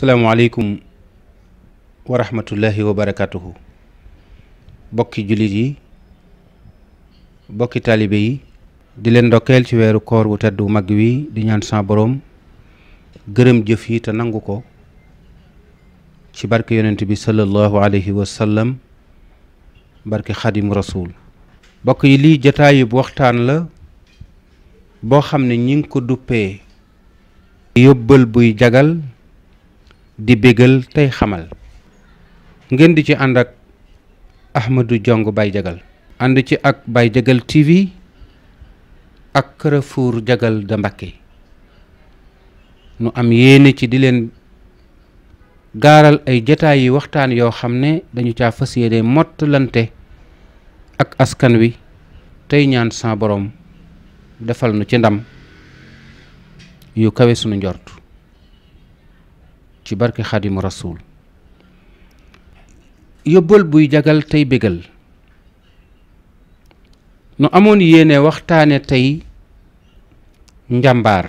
salaamaaleykum wa rahmatullahi wa barakatuhu bokki jullit yi bokki taalibe yi di leen ndokkeel ci weeru koor wu tedd wu mag wi di ñaan sa boroom gërëm jëf yi te nangu ko ci barke yonent bi sallallahu alayhi wa sallam barke xadimu rasul bokk yi lii jataayub waxtaan la boo xam ne ñi ngi ko duppee yóbbal buy jagal di bégal tey xamal ngeen di ci ànd ak Ahmadou Diong Baye Diagal ànd ci ak Baye Diagal TV ak Carrefour jagal de Mbacké nu am yéene ci di leen gaaral ay jataay yi waxtaan yoo xam ne dañu caa fas yéene mottalante ak askan wi tey ñaan sa borom defal nu ci ndam yu kawe sunu njort ci barke xadimu rasul yóbbal buy jagal tey bégal nu amoon yéene waxtaane tey njàmbaar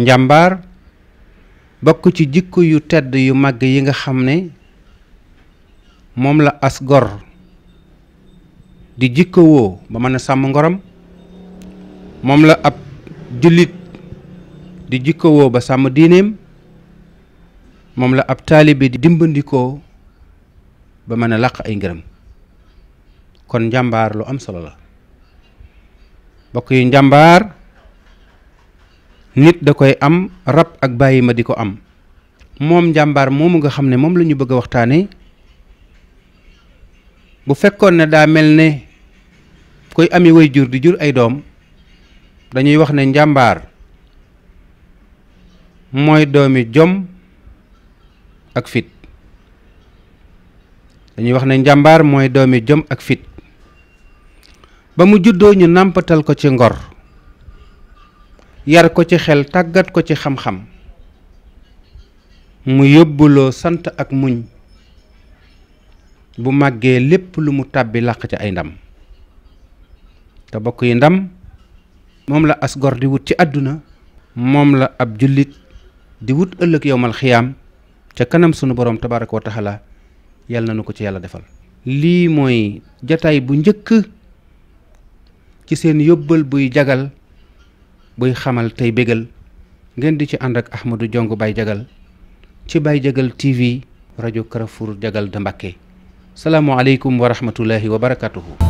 njàmbaar bokk ci jikko yu tedd yu màgg yi nga xam ne moom la as gor di jikkowoo ba mën a sàmm ngorom moom la ab jullit di jikkowoo ba sàmm diineem moom la ab taalibe di dimbandikoo ba mën a làq ay ngërëm kon njàmbaar lu am solo la bokk yi njàmbaar nit da koy am rab ak bàyyi ma di ko am moom njàmbaar moomu nga xam ne moom la ñu bëgg a waxtaane bu fekkoon na daa mel ne koy ami way jur di jur ay doom dañuy wax ne njàmbaar mooy doomi jom ak fit dañuy wax ne njàmbaar mooy doomi jom ak fit ba mu juddoo ñu nàmpatal ko ci ngor yar ko ci xel tàggat ko ci xam-xam mu yóbbuloo sant ak muñ bu màggee lépp lu mu tàbbi làq ci ay ndam te bokk yi ndam moom la as gor di wut ci àdduna moom la ab jullit di wut ëllëg yowmal xiyaam ca kanam sunu borom tabaaraka wa taxala yàlla na nu ko ci yàlla defal. lii mooy jataay bu njëkk ci seen yóbbal buy jagal buy xamal tey bégal ngeen di ci ànd ak Ahmadou Diongue Baye Diagal ci bay Diagal TV rajo Carrefour Diagal de Mbacké salaamualeykum wa rahmatullahi wa barakatuhu.